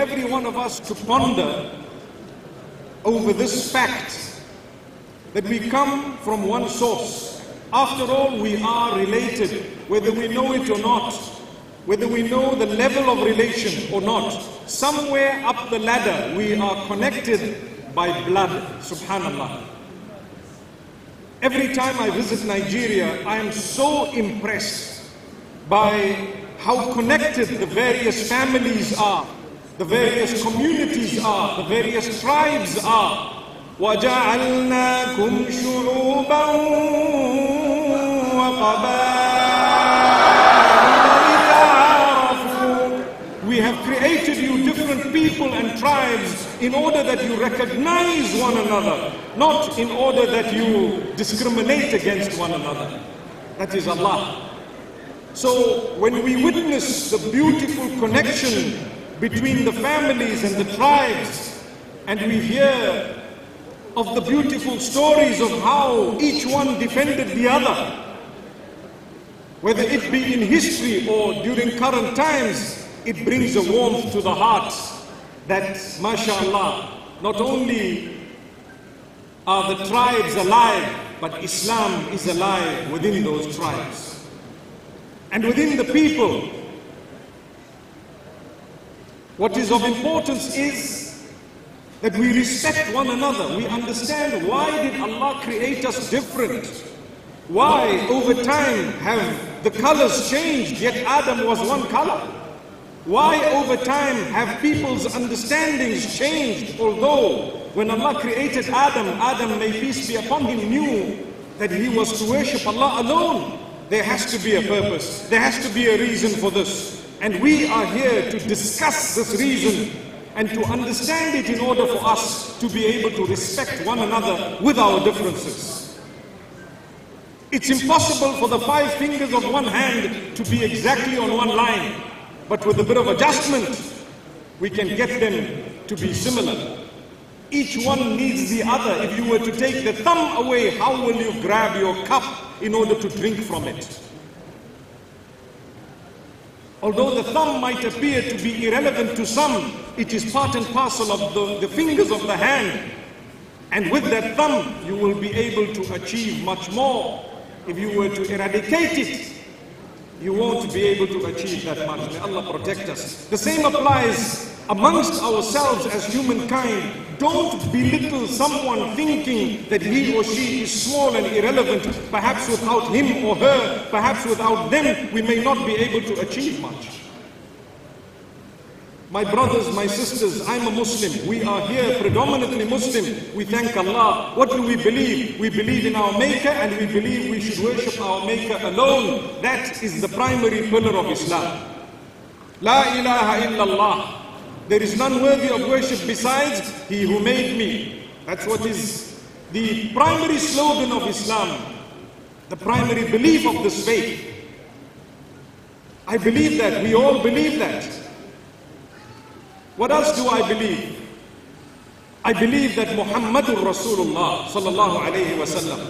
every one of us to ponder over this fact that we come from one source. After all, we are related, whether we know it or not, whether we know the level of relation or not. Somewhere up the ladder, we are connected by blood, subhanAllah. Every time I visit Nigeria, I am so impressed by how connected the various families are the various communities are, the various tribes are. وجعلناكم شعوبا We have created you different people and tribes in order that you recognize one another, not in order that you discriminate against one another. That is Allah. So when we witness the beautiful connection between the families and the tribes, and we hear of the beautiful stories of how each one defended the other. Whether it be in history or during current times, it brings a warmth to the heart that, mashallah, not only are the tribes alive, but Islam is alive within those tribes. And within the people, what is of importance is that we respect one another. We understand why did Allah create us different? Why over time have the colors changed yet Adam was one color? Why over time have people's understandings changed? Although when Allah created Adam, Adam may peace be upon him knew that he was to worship Allah alone. There has to be a purpose. There has to be a reason for this. And we are here to discuss this reason and to understand it in order for us to be able to respect one another with our differences. It's impossible for the five fingers of one hand to be exactly on one line, but with a bit of adjustment, we can get them to be similar. Each one needs the other. If you were to take the thumb away, how will you grab your cup in order to drink from it? Although the thumb might appear to be irrelevant to some, it is part and parcel of the, the fingers of the hand. And with that thumb, you will be able to achieve much more. If you were to eradicate it, you won't be able to achieve that much. May Allah protect us. The same applies amongst ourselves as humankind. Don't belittle someone thinking that he or she is small and irrelevant. Perhaps without him or her, perhaps without them, we may not be able to achieve much. My brothers, my sisters, I'm a Muslim. We are here predominantly Muslim. We thank Allah. What do we believe? We believe in our Maker and we believe we should worship our Maker alone. That is the primary pillar of Islam. La ilaha illallah. There is none worthy of worship besides He who made me. That's what is the primary slogan of Islam, the primary belief of this faith. I believe that. We all believe that. What else do I believe? I believe that Muhammadur Rasulullah sallallahu alayhi wasallam.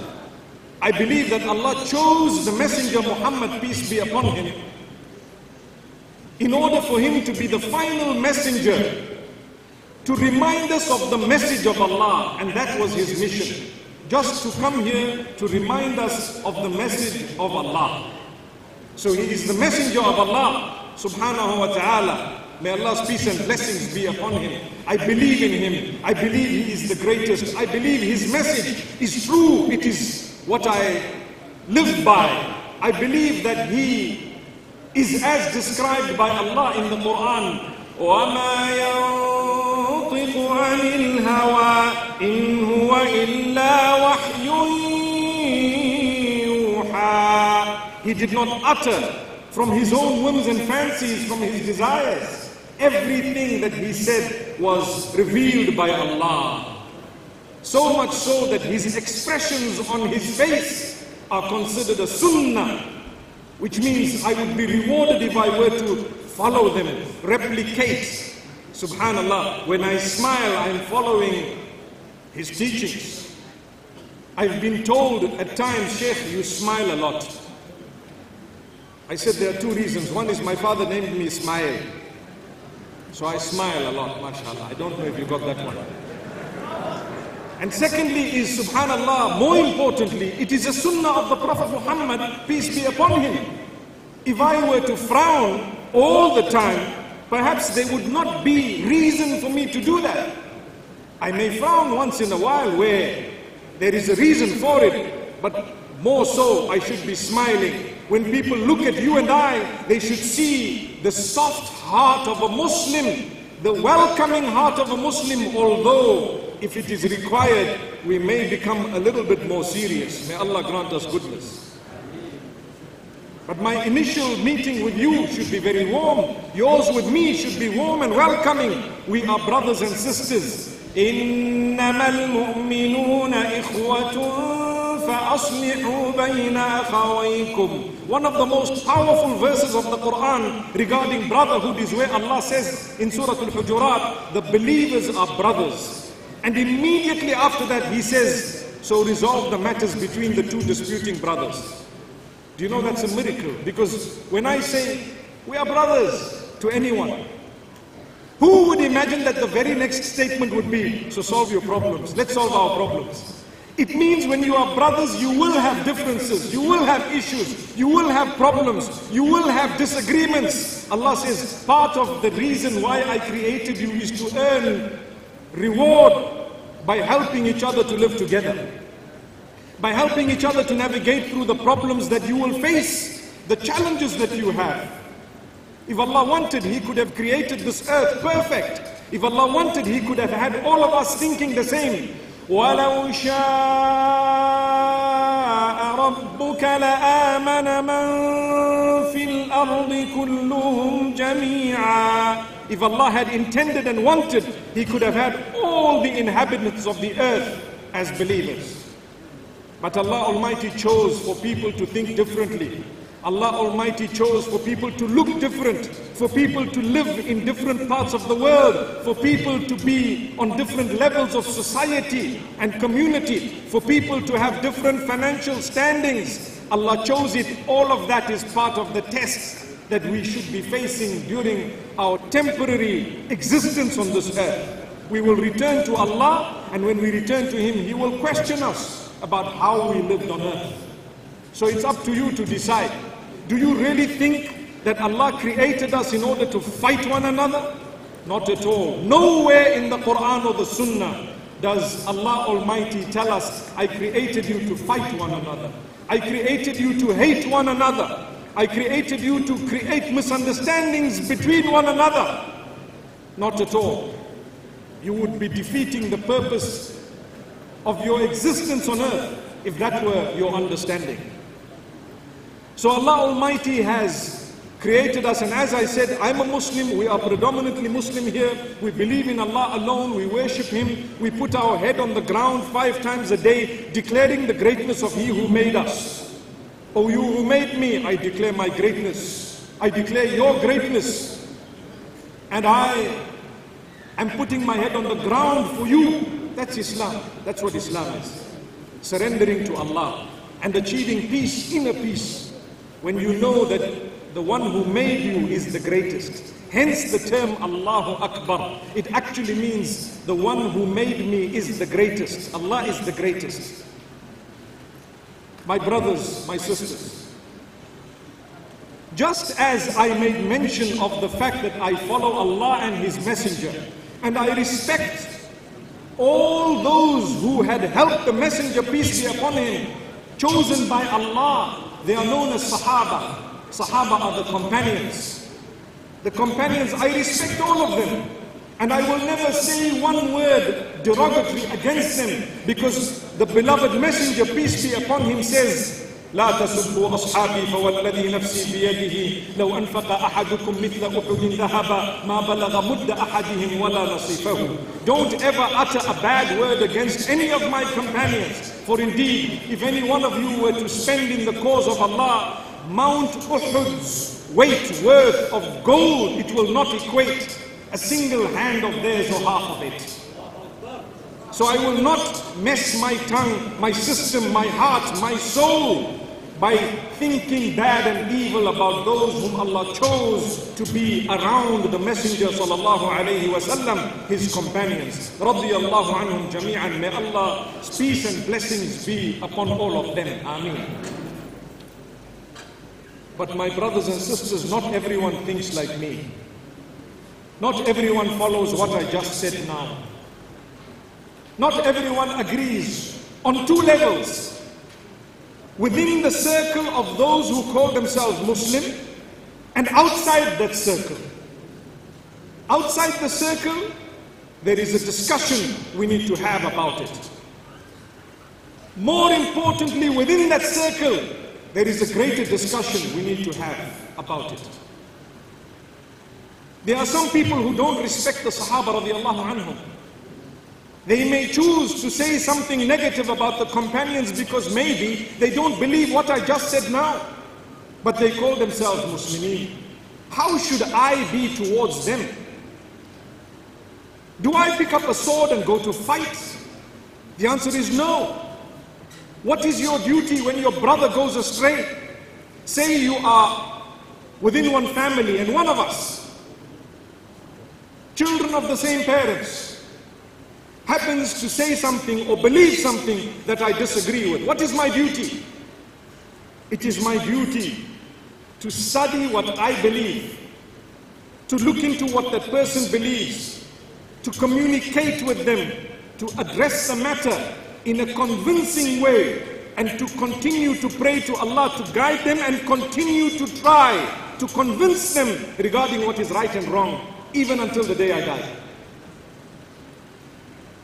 I believe that Allah chose the messenger Muhammad peace be upon him in order for him to be the final messenger to remind us of the message of Allah, and that was his mission. Just to come here to remind us of the message of Allah. So he is the messenger of Allah subhanahu wa ta'ala. May Allah's peace and blessings be upon him. I believe in him. I believe he is the greatest. I believe his message is true. It is what I live by. I believe that he is as described by Allah in the Quran. وَمَا يَنطِقُ عَنِ الْهَوَىٰ إِنْ هُوَ إِلَّا وَحْيٌ يُوحَىٰ He did not utter from his own whims and fancies, from his desires. Everything that he said was revealed by Allah. So much so that his expressions on his face are considered a sunnah which means I would be rewarded if I were to follow them, replicate. Subhanallah, when I smile, I'm following his teachings. I've been told at times, Sheikh, you smile a lot. I said there are two reasons. One is my father named me Smile. So I smile a lot, mashallah. I don't know if you got that one. And secondly is, subhanAllah, more importantly, it is a sunnah of the Prophet Muhammad, peace be upon him. If I were to frown all the time, perhaps there would not be reason for me to do that. I may frown once in a while where there is a reason for it, but more so I should be smiling. When people look at you and I, they should see the soft heart of a Muslim, the welcoming heart of a Muslim, although if it is required, we may become a little bit more serious. May Allah grant us goodness. But my initial meeting with you should be very warm. Yours with me should be warm and welcoming. We are brothers and sisters. إنما المؤمنون إخوة فأصلحوا بين أخويكم One of the most powerful verses of the Quran regarding brotherhood is where Allah says in Surah Al-Hujurat, the believers are brothers. And immediately after that, he says, So resolve the matters between the two disputing brothers. Do you know that's a miracle? Because when I say we are brothers to anyone, who would imagine that the very next statement would be, So solve your problems, let's solve our problems. It means when you are brothers, you will have differences, you will have issues, you will have problems, you will have disagreements. Allah says, part of the reason why I created you is to earn reward by helping each other to live together, by helping each other to navigate through the problems that you will face, the challenges that you have. If Allah wanted, He could have created this earth perfect. If Allah wanted, He could have had all of us thinking the same. رَبُّكَ لَآمَنَ مَن فِي الْأَرْضِ كُلُّهُمْ جَمِيعًا if Allah had intended and wanted, He could have had all the inhabitants of the earth as believers. But Allah Almighty chose for people to think differently. Allah Almighty chose for people to look different, for people to live in different parts of the world, for people to be on different levels of society and community, for people to have different financial standings. Allah chose it. All of that is part of the test that we should be facing during our temporary existence on this earth. We will return to Allah, and when we return to Him, He will question us about how we lived on earth. So it's up to you to decide. Do you really think that Allah created us in order to fight one another? Not at all. Nowhere in the Quran or the Sunnah does Allah Almighty tell us, I created you to fight one another. I created you to hate one another. I created you to create misunderstandings between one another. Not at all. You would be defeating the purpose of your existence on earth if that were your understanding. So Allah Almighty has created us and as I said, I'm a Muslim, we are predominantly Muslim here, we believe in Allah alone, we worship Him, we put our head on the ground five times a day declaring the greatness of He who made us. O oh, you who made me, I declare my greatness. I declare your greatness. And I am putting my head on the ground for you. That's Islam. That's what Islam is. Surrendering to Allah and achieving peace, inner peace, when you know that the one who made you is the greatest. Hence the term Allahu Akbar. It actually means the one who made me is the greatest. Allah is the greatest my brothers, my sisters. Just as I made mention of the fact that I follow Allah and His Messenger, and I respect all those who had helped the Messenger, peace be upon him, chosen by Allah, they are known as Sahaba. Sahaba are the companions. The companions, I respect all of them. And I will never say one word derogatory against them because the beloved messenger, peace be upon him, says, لا تسبوا أصحابي فوالذي نفسي بيده لو أنفق أحدكم مثل أحد ذهبا ما بلغ مد أحدهم ولا نصيفه Don't ever utter a bad word against any of my companions For indeed, if any one of you were to spend in the cause of Allah Mount Uhud's weight worth of gold it will not equate a single hand of theirs or half of it. So I will not mess my tongue, my system, my heart, my soul by thinking bad and evil about those whom Allah chose to be around the Messenger sallallahu alayhi wasallam, his companions. Radiallahu anhum jami'an. May Allah's peace and blessings be upon all of them. Ameen. But my brothers and sisters, not everyone thinks like me. Not everyone follows what I just said now. Not everyone agrees on two levels. Within the circle of those who call themselves Muslim and outside that circle. Outside the circle, there is a discussion we need to have about it. More importantly, within that circle, there is a greater discussion we need to have about it. There are some people who don't respect the Sahaba radiallahu anhum. They may choose to say something negative about the companions because maybe they don't believe what I just said now. But they call themselves Muslimin. How should I be towards them? Do I pick up a sword and go to fight? The answer is no. What is your duty when your brother goes astray? Say you are within one family and one of us children of the same parents, happens to say something or believe something that I disagree with, what is my duty? It is my duty to study what I believe, to look into what that person believes, to communicate with them, to address the matter in a convincing way, and to continue to pray to Allah to guide them and continue to try to convince them regarding what is right and wrong even until the day I die.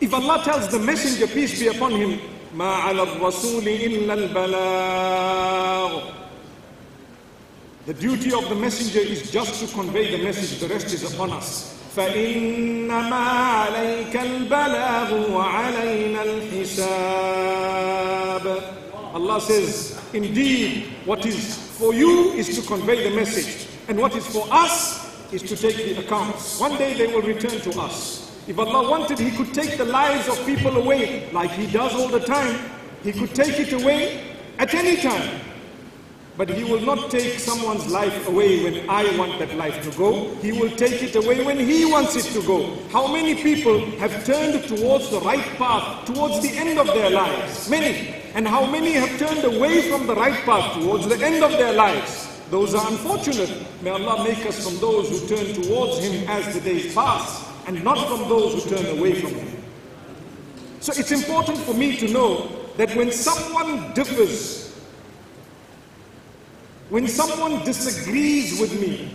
If Allah tells the messenger, peace be upon him, The duty of the messenger is just to convey the message, the rest is upon us. Allah says, indeed, what is for you is to convey the message, and what is for us is to take the accounts. One day they will return to us. If Allah wanted, He could take the lives of people away, like He does all the time. He could take it away at any time. But He will not take someone's life away when I want that life to go. He will take it away when He wants it to go. How many people have turned towards the right path, towards the end of their lives? Many. And how many have turned away from the right path towards the end of their lives? Those are unfortunate. May Allah make us from those who turn towards Him as the days pass and not from those who turn away from Him. So it's important for me to know that when someone differs, when someone disagrees with me,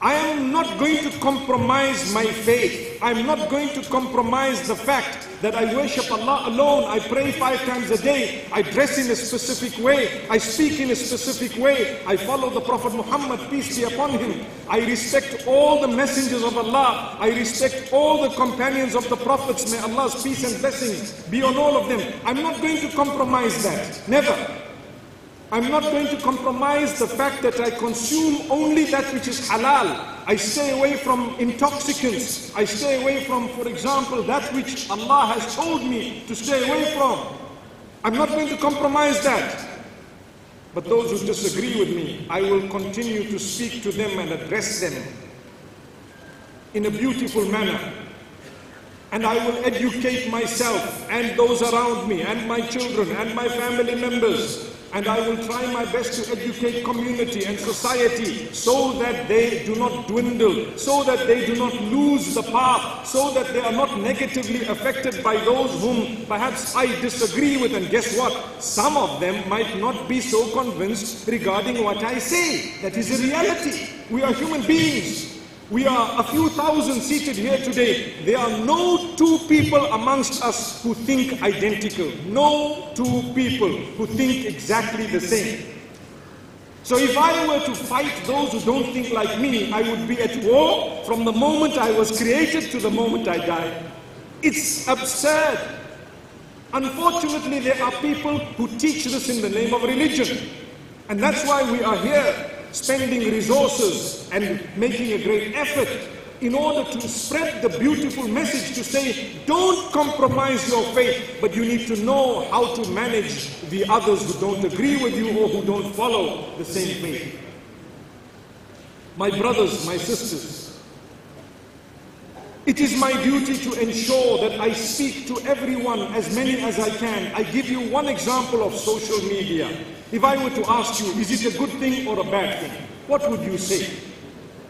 I am not going to compromise my faith. I'm not going to compromise the fact that I worship Allah alone. I pray five times a day. I dress in a specific way. I speak in a specific way. I follow the Prophet Muhammad, peace be upon him. I respect all the messengers of Allah. I respect all the companions of the prophets. May Allah's peace and blessings be on all of them. I'm not going to compromise that. Never. I'm not going to compromise the fact that I consume only that which is halal. I stay away from intoxicants. I stay away from, for example, that which Allah has told me to stay away from. I'm not going to compromise that. But those who disagree with me, I will continue to speak to them and address them in a beautiful manner. And I will educate myself and those around me and my children and my family members and I will try my best to educate community and society so that they do not dwindle, so that they do not lose the path, so that they are not negatively affected by those whom perhaps I disagree with. And guess what? Some of them might not be so convinced regarding what I say. That is a reality. We are human beings. We are a few thousand seated here today. There are no two people amongst us who think identical. No two people who think exactly the same. So if I were to fight those who don't think like me, I would be at war from the moment I was created to the moment I die. It's absurd. Unfortunately, there are people who teach this in the name of religion. And that's why we are here spending resources and making a great effort in order to spread the beautiful message to say, don't compromise your faith, but you need to know how to manage the others who don't agree with you or who don't follow the same faith. My brothers, my sisters, it is my duty to ensure that I speak to everyone, as many as I can. I give you one example of social media. If I were to ask you, is it a good thing or a bad thing? What would you say?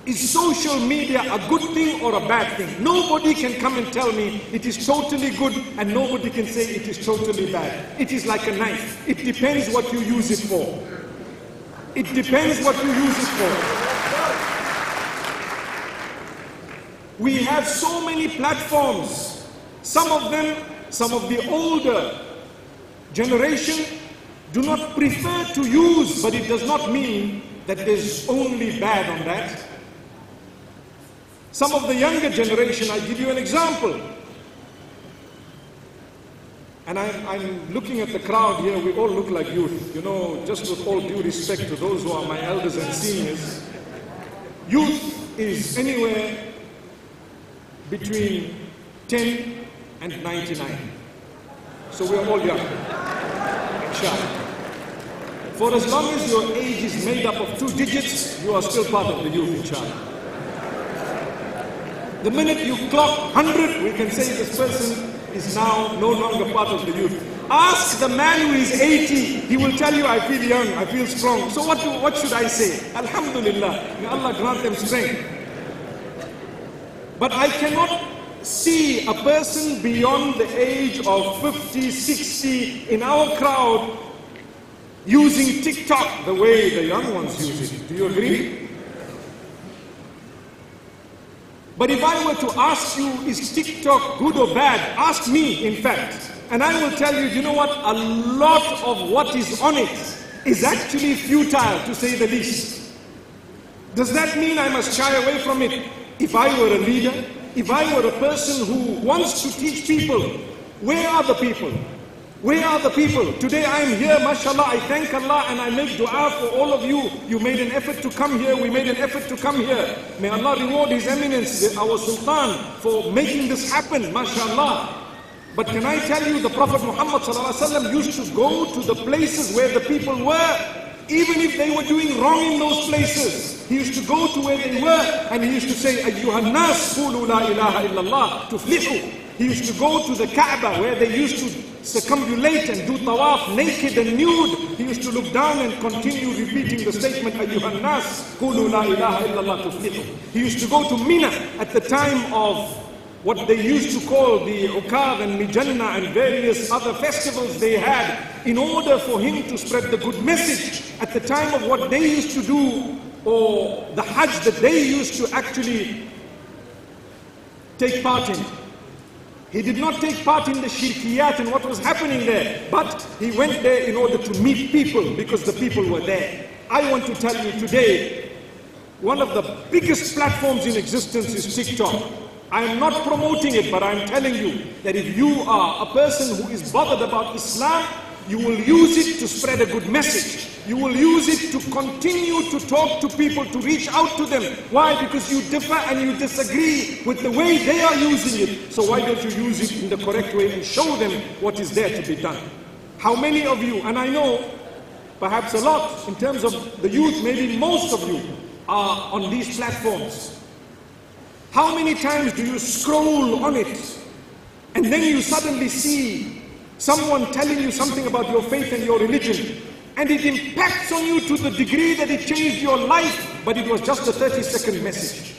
Is social media a good thing or a bad thing? Nobody can come and tell me it is totally good and nobody can say it is totally bad. It is like a knife. It depends what you use it for. It depends what you use it for. We have so many platforms. Some of them, some of the older generation do not prefer to use, but it does not mean that there's only bad on that. Some of the younger generation, I give you an example. And I'm, I'm, looking at the crowd here, we all look like youth. You know, just with all due respect to those who are my elders and seniors, youth is anywhere between 10 and 99. So we are all young and shy. For as long as your age is made up of two digits, you are still part of the youth in China. The minute you clock 100, we can say this person is now no longer part of the youth. Ask the man who is 80, he will tell you, I feel young, I feel strong. So what, do, what should I say? Alhamdulillah, may Allah grant them strength. But I cannot see a person beyond the age of 50, 60 in our crowd using TikTok the way the young ones use it. Do you agree? But if I were to ask you, is TikTok good or bad? Ask me, in fact. And I will tell you, you know what? A lot of what is on it is actually futile, to say the least. Does that mean I must shy away from it? If I were a leader, if I were a person who wants to teach people, where are the people? Where are the people? Today I am here, mashallah, I thank Allah and I make dua for all of you. You made an effort to come here, we made an effort to come here. May Allah reward His Eminence, our Sultan, for making this happen, mashallah. But can I tell you, the Prophet Muhammad used to go to the places where the people were, even if they were doing wrong in those places. He used to go to where they were and he used to say, أَيُّهَا النَّاسُ la ilaha illallah." To اللَّهُ He used to go to the Kaaba where they used to circumambulate and do tawaf naked and nude. He used to look down and continue repeating the statement, Ayyuhan Nas, Qulu la ilaha illallah tuflihu. He used to go to Mina at the time of what they used to call the Uqab and Mijanna and various other festivals they had in order for him to spread the good message. At the time of what they used to do or the Hajj that they used to actually take part in. He did not take part in the shirkiyat and what was happening there, but he went there in order to meet people because the people were there. I want to tell you today, one of the biggest platforms in existence is TikTok. I am not promoting it, but I am telling you that if you are a person who is bothered about Islam, you will use it to spread a good message. You will use it to continue to talk to people, to reach out to them. Why? Because you differ and you disagree with the way they are using it. So why don't you use it in the correct way and show them what is there to be done? How many of you, and I know perhaps a lot in terms of the youth, maybe most of you, are on these platforms. How many times do you scroll on it and then you suddenly see Someone telling you something about your faith and your religion, and it impacts on you to the degree that it changed your life, but it was just a 30 second message.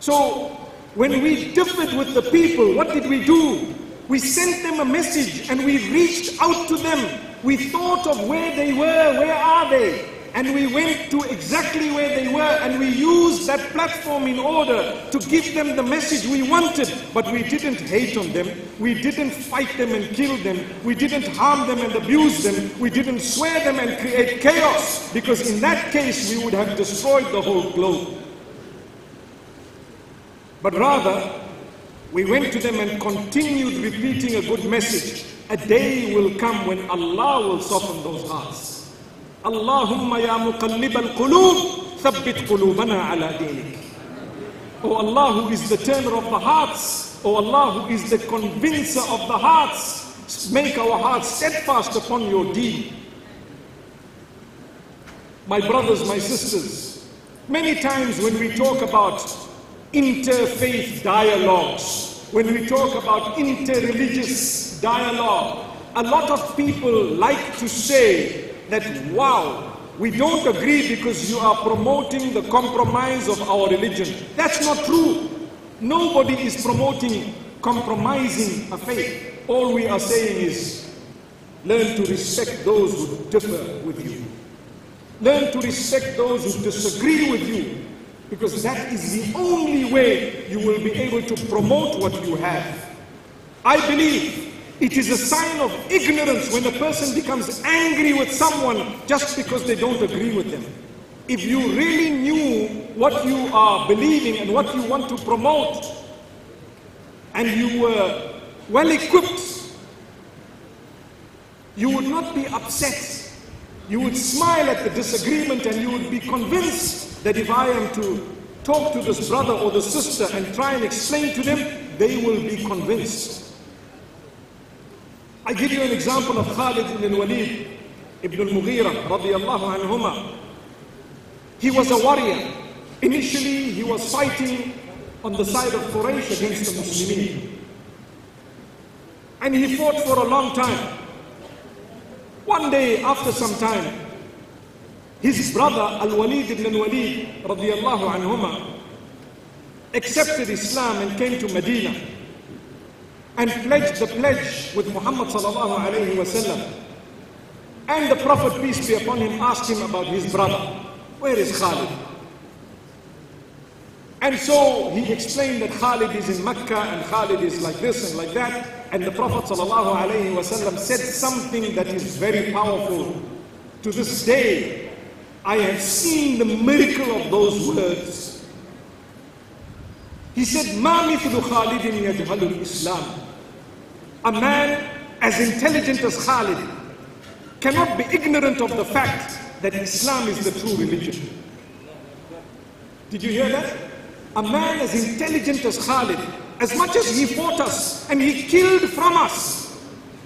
So, when we differed with the people, what did we do? We sent them a message and we reached out to them. We thought of where they were, where are they? and we went to exactly where they were and we used that platform in order to give them the message we wanted. But we didn't hate on them, we didn't fight them and kill them, we didn't harm them and abuse them, we didn't swear them and create chaos because in that case we would have destroyed the whole globe. But rather, we went to them and continued repeating a good message. A day will come when Allah will soften those hearts. اللهم يا مقلب القلوب ثبت قلوبنا على دينك Oh Allah who is the turner of the hearts Oh Allah who is the convincer of the hearts Make our hearts steadfast upon your deen My brothers, my sisters Many times when we talk about interfaith dialogues When we talk about interreligious dialogue a lot of people like to say that, wow, we don't agree because you are promoting the compromise of our religion. That's not true. Nobody is promoting compromising a faith. All we are saying is learn to respect those who differ with you. Learn to respect those who disagree with you because that is the only way you will be able to promote what you have. I believe it is a sign of ignorance when a person becomes angry with someone just because they don't agree with them. If you really knew what you are believing and what you want to promote, and you were well equipped, you would not be upset. You would smile at the disagreement and you would be convinced that if I am to talk to this brother or the sister and try and explain to them, they will be convinced. I give you an example of Khalid ibn al-Walid ibn al-Mughira radiallahu anhuma. He was a warrior. Initially, he was fighting on the side of Quraysh against the Muslims, And he fought for a long time. One day, after some time, his brother Al-Walid ibn al-Walid radiallahu anhuma accepted Islam and came to Medina and pledged the pledge with Muhammad sallallahu alayhi wasallam. And the Prophet, peace be upon him, asked him about his brother. Where is Khalid? And so he explained that Khalid is in Mecca and Khalid is like this and like that. And the Prophet ﷺ said something that is very powerful. To this day, I have seen the miracle of those words. He said, مَا مِثْلُ خَالِدٍ يَجْهَلُ الْإِسْلَامِ a man as intelligent as Khalid cannot be ignorant of the fact that Islam is the true religion. Did you hear that? A man as intelligent as Khalid, as much as he fought us and he killed from us,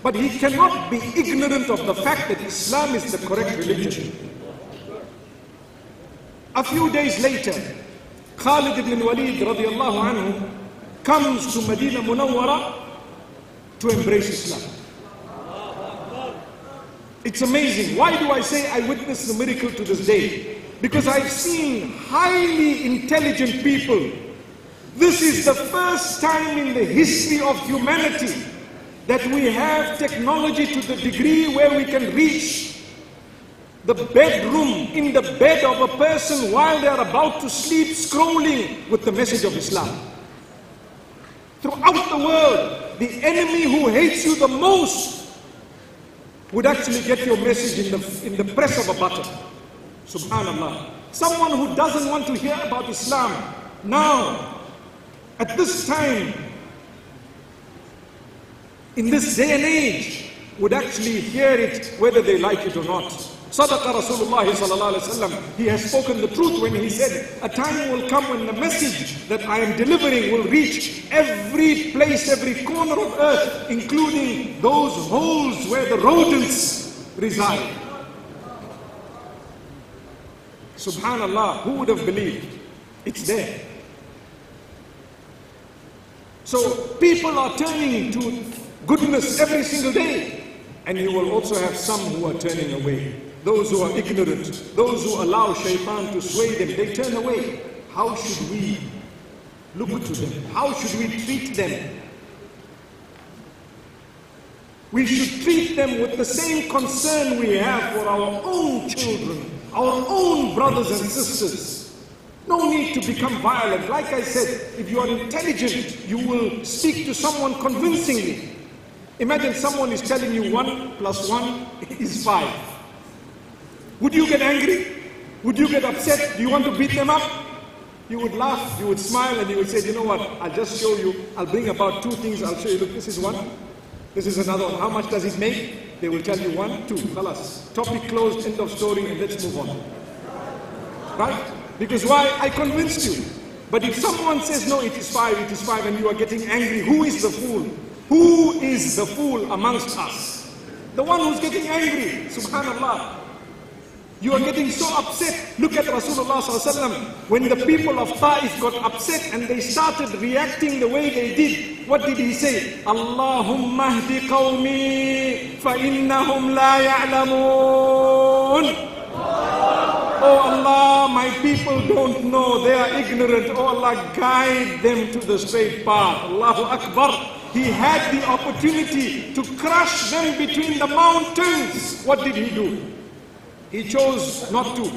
but he cannot be ignorant of the fact that Islam is the correct religion. A few days later, Khalid ibn Walid radiallahu anhu comes to Medina Munawwara to embrace Islam. It's amazing. Why do I say I witnessed the miracle to this day? Because I've seen highly intelligent people. This is the first time in the history of humanity that we have technology to the degree where we can reach the bedroom in the bed of a person while they are about to sleep, scrolling with the message of Islam throughout the world, the enemy who hates you the most would actually get your message in the, in the press of a button. Subhanallah. Someone who doesn't want to hear about Islam now, at this time, in this day and age, would actually hear it whether they like it or not. Sadaqa Rasulullah sallallahu alayhi wasallam. He has spoken the truth when he said, a time will come when the message that I am delivering will reach every place, every corner of earth, including those holes where the rodents reside. Subhanallah, who would have believed? It's there. So people are turning to goodness every single day. And you will also have some who are turning away those who are ignorant, those who allow shaitan to sway them, they turn away. How should we look to them? How should we treat them? We should treat them with the same concern we have for our own children, our own brothers and sisters. No need to become violent. Like I said, if you are intelligent, you will speak to someone convincingly. Imagine someone is telling you one plus one is five. Would you get angry? Would you get upset? Do you want to beat them up? You would laugh, you would smile, and you would say, you know what, I'll just show you, I'll bring about two things, I'll show you, look, this is one, this is another one. How much does it make? They will tell you one, two, Fellas, Topic closed, end of story, and let's move on. Right? Because why? I convinced you. But if someone says, no, it is five, it is five, and you are getting angry, who is the fool? Who is the fool amongst us? The one who's getting angry. Subhanallah. You are getting so upset. Look at Rasulullah when the people of Ta'if got upset and they started reacting the way they did. What did he say? Allahumma hdi qawmi fa innahum la ya'lamun. Oh Allah, my people don't know. They are ignorant. Oh Allah, guide them to the straight path. Allahu Akbar. He had the opportunity to crush them between the mountains. What did he do? He chose not to.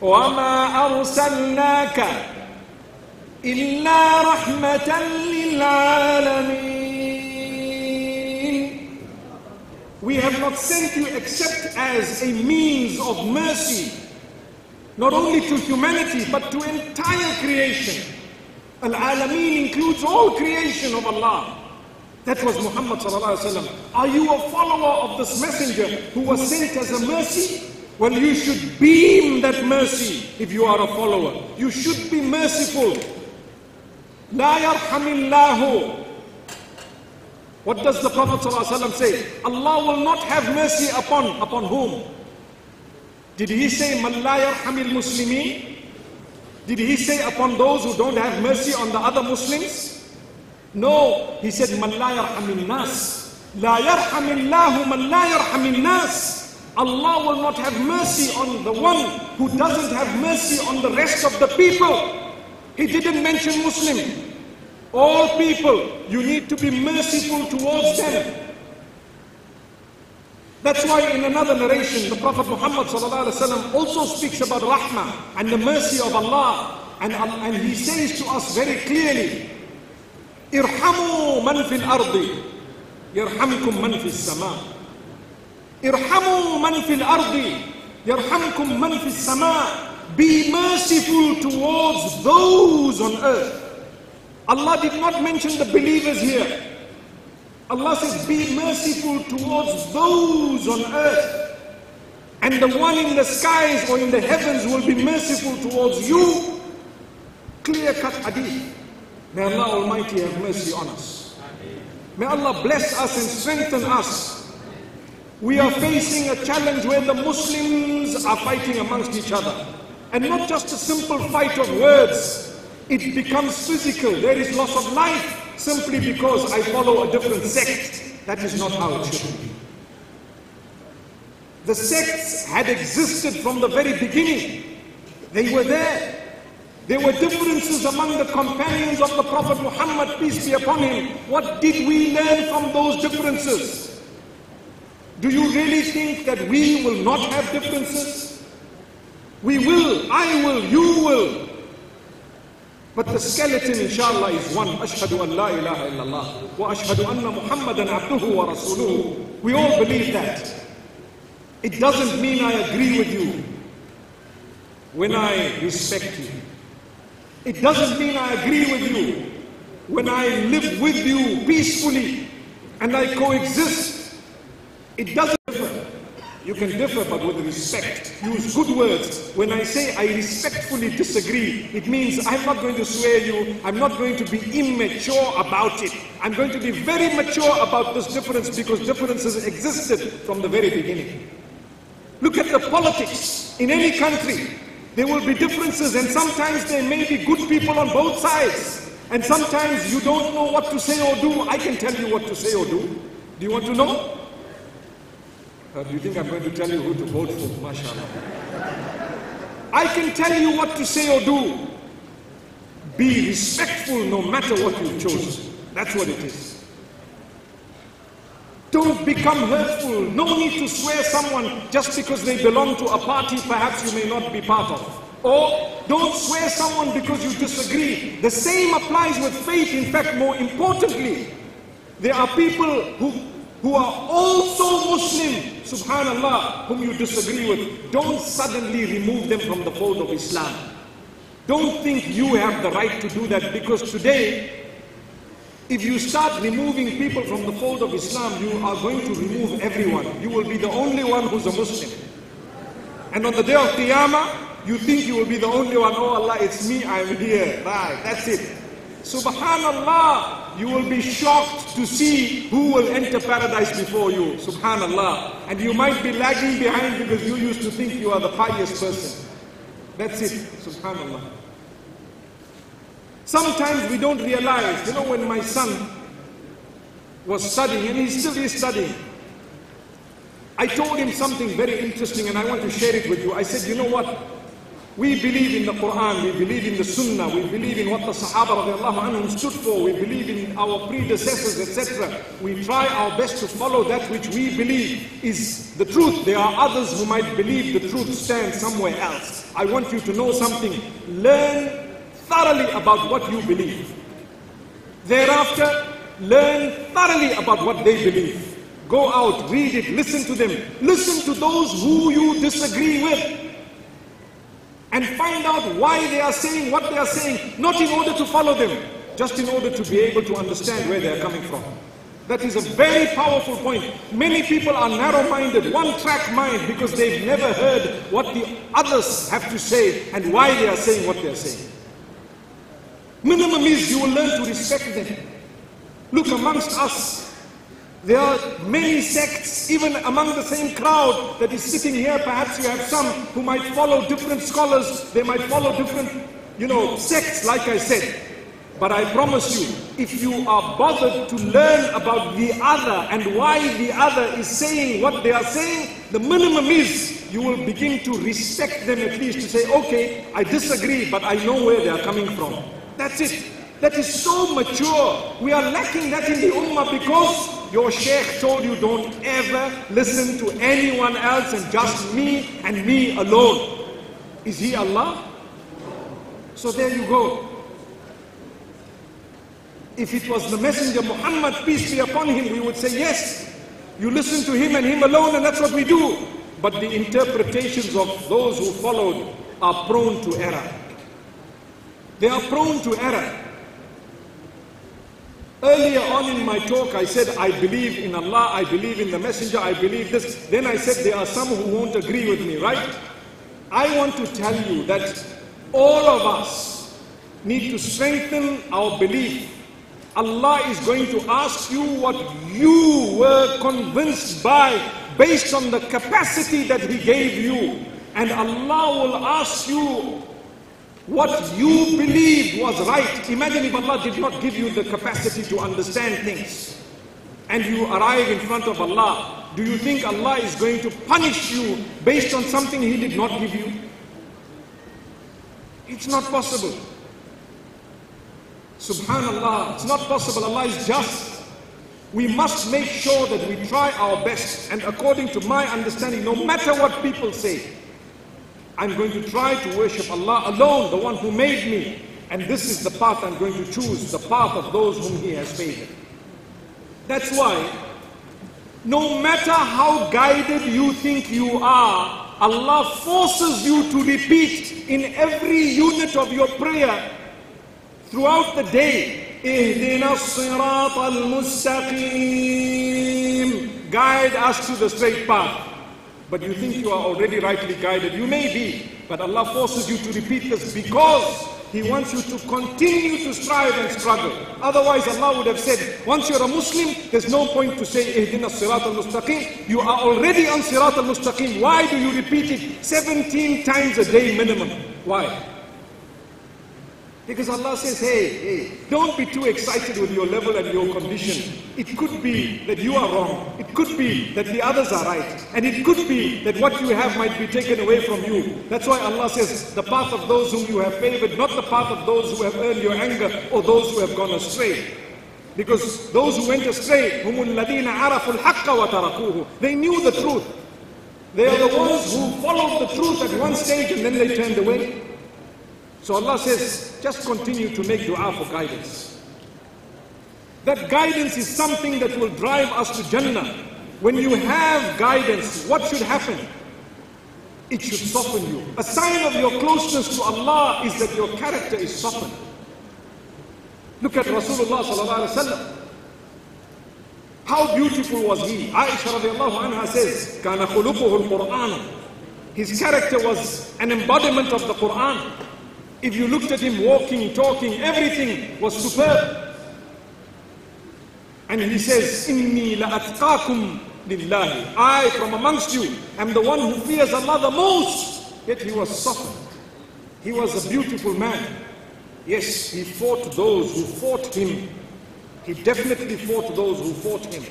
وما أرسلناك إلا رحمة للعالمين We have not sent you except as a means of mercy not only to humanity but to entire creation. Al-Alameen includes all creation of Allah. That was Muhammad sallallahu alaihi wasallam. Are you a follower of this messenger who was sent as a mercy? Well, you should beam that mercy if you are a follower. You should be merciful. لا يرحم الله What does the Prophet ﷺ say? Allah will not have mercy upon, upon whom? Did he say, Man la yarhamil muslimin? Did he say upon those who don't have mercy on the other Muslims? No, he said, Man la yarhamil nas. La yarhamillahu man la yarhamil nas. Allah will not have mercy on the one who doesn't have mercy on the rest of the people. He didn't mention Muslim. All people, you need to be merciful towards them. That's why in another narration, the Prophet Muhammad also speaks about rahmah and the mercy of Allah. And, and he says to us very clearly, ارحموا من في الأرض يرحمكم من في السماء ارحموا من في الأرض يرحمكم من في السماء Be merciful towards those on earth. Allah did not mention the believers here. Allah says, Be merciful towards those on earth. And the one in the skies or in the heavens will be merciful towards you. Clear cut hadith. May Allah Almighty have mercy on us. May Allah bless us and strengthen us. We are facing a challenge where the Muslims are fighting amongst each other. And not just a simple fight of words. It becomes physical. There is loss of life simply because I follow a different sect. That is not how it should be. The sects had existed from the very beginning. They were there. There were differences among the companions of the Prophet Muhammad, peace be upon him. What did we learn from those differences? Do you really think that we will not have differences? We will, I will, you will. But the skeleton, inshallah, is one. Ashhadu an la ilaha illallah. Wa ashhadu anna Muhammadan abduhu wa rasuluhu. We all believe that. It doesn't mean I agree with you. When I respect you. It doesn't mean I agree with you. When I live with you peacefully and I coexist, it doesn't differ. You can differ, but with respect. Use good words. When I say I respectfully disagree, it means I'm not going to swear you. I'm not going to be immature about it. I'm going to be very mature about this difference because differences existed from the very beginning. Look at the politics in any country. There will be differences and sometimes there may be good people on both sides. And sometimes you don't know what to say or do. I can tell you what to say or do. Do you want to know? Or do you think I'm going to tell you who to vote for? MashaAllah. I can tell you what to say or do. Be respectful no matter what you've chosen. That's what it is. Don't become hurtful. No need to swear someone just because they belong to a party perhaps you may not be part of. Or don't swear someone because you disagree. The same applies with faith. In fact, more importantly, there are people who, who are also Muslim, subhanallah, whom you disagree with. Don't suddenly remove them from the fold of Islam. Don't think you have the right to do that because today if you start removing people from the fold of Islam, you are going to remove everyone. You will be the only one who's a Muslim. And on the day of Qiyamah, you think you will be the only one. Oh Allah, it's me, I'm here. Right, that's it. Subhanallah, you will be shocked to see who will enter paradise before you. Subhanallah. And you might be lagging behind because you used to think you are the pious person. That's it. Subhanallah. Sometimes we don't realize, you know, when my son was studying, and he still is studying, I told him something very interesting and I want to share it with you. I said, you know what? We believe in the Quran, we believe in the Sunnah, we believe in what the Sahaba anhum stood for, we believe in our predecessors, etc. We try our best to follow that which we believe is the truth. There are others who might believe the truth stands somewhere else. I want you to know something. Learn thoroughly about what you believe. Thereafter, learn thoroughly about what they believe. Go out, read it, listen to them. Listen to those who you disagree with. And find out why they are saying what they are saying, not in order to follow them, just in order to be able to understand where they are coming from. That is a very powerful point. Many people are narrow minded, one track mind, because they've never heard what the others have to say and why they are saying what they are saying. Minimum is you will learn to respect them. Look amongst us. There are many sects, even among the same crowd that is sitting here. Perhaps you have some who might follow different scholars, they might follow different, you know, sects, like I said. But I promise you, if you are bothered to learn about the other and why the other is saying what they are saying, the minimum is you will begin to respect them at least to say, okay, I disagree, but I know where they are coming from. That's it. That is so mature. We are lacking that in the ummah because your sheikh told you don't ever listen to anyone else and just me and me alone. Is he Allah? So there you go. If it was the messenger Muhammad, peace be upon him, we would say yes. You listen to him and him alone and that's what we do. But the interpretations of those who followed are prone to error. They are prone to error. Earlier on in my talk, I said, I believe in Allah, I believe in the Messenger, I believe this. Then I said, there are some who won't agree with me, right? I want to tell you that all of us need to strengthen our belief. Allah is going to ask you what you were convinced by based on the capacity that He gave you. And Allah will ask you what you believed was right. Imagine if Allah did not give you the capacity to understand things and you arrive in front of Allah. Do you think Allah is going to punish you based on something He did not give you? It's not possible. Subhanallah, it's not possible. Allah is just. We must make sure that we try our best and according to my understanding, no matter what people say, I'm going to try to worship Allah alone, the one who made me. And this is the path I'm going to choose, the path of those whom He has favored. That's why, no matter how guided you think you are, Allah forces you to repeat in every unit of your prayer throughout the day. Guide us to the straight path but you think you are already rightly guided. You may be, but Allah forces you to repeat this because He wants you to continue to strive and struggle. Otherwise, Allah would have said, once you're a Muslim, there's no point to say, Ihdina Sirat al-Mustaqim. You are already on Sirat al-Mustaqim. Why do you repeat it 17 times a day minimum? Why? Because Allah says, hey, hey, don't be too excited with your level and your condition. It could be that you are wrong. It could be that the others are right. And it could be that what you have might be taken away from you. That's why Allah says, the path of those whom you have favored, not the path of those who have earned your anger or those who have gone astray. Because those who went astray, they knew the truth. They are the ones who followed the truth at one stage and then they turned away. So Allah says, just continue to make dua for guidance. That guidance is something that will drive us to Jannah. When you have guidance, what should happen? It should soften you. A sign of your closeness to Allah is that your character is softened. Look at Rasulullah sallallahu alaihi wasallam. How beautiful was he? Aisha radiallahu anha says, كَانَ خُلُقُهُ الْقُرْآنُ His character was an embodiment of the Qur'an. If you looked at him walking, talking, everything was superb. And he says, Inni la'atqakum lillahi. I from amongst you am the one who fears Allah the most. Yet he was softened. He was a beautiful man. Yes, he fought those who fought him. He definitely fought those who fought him.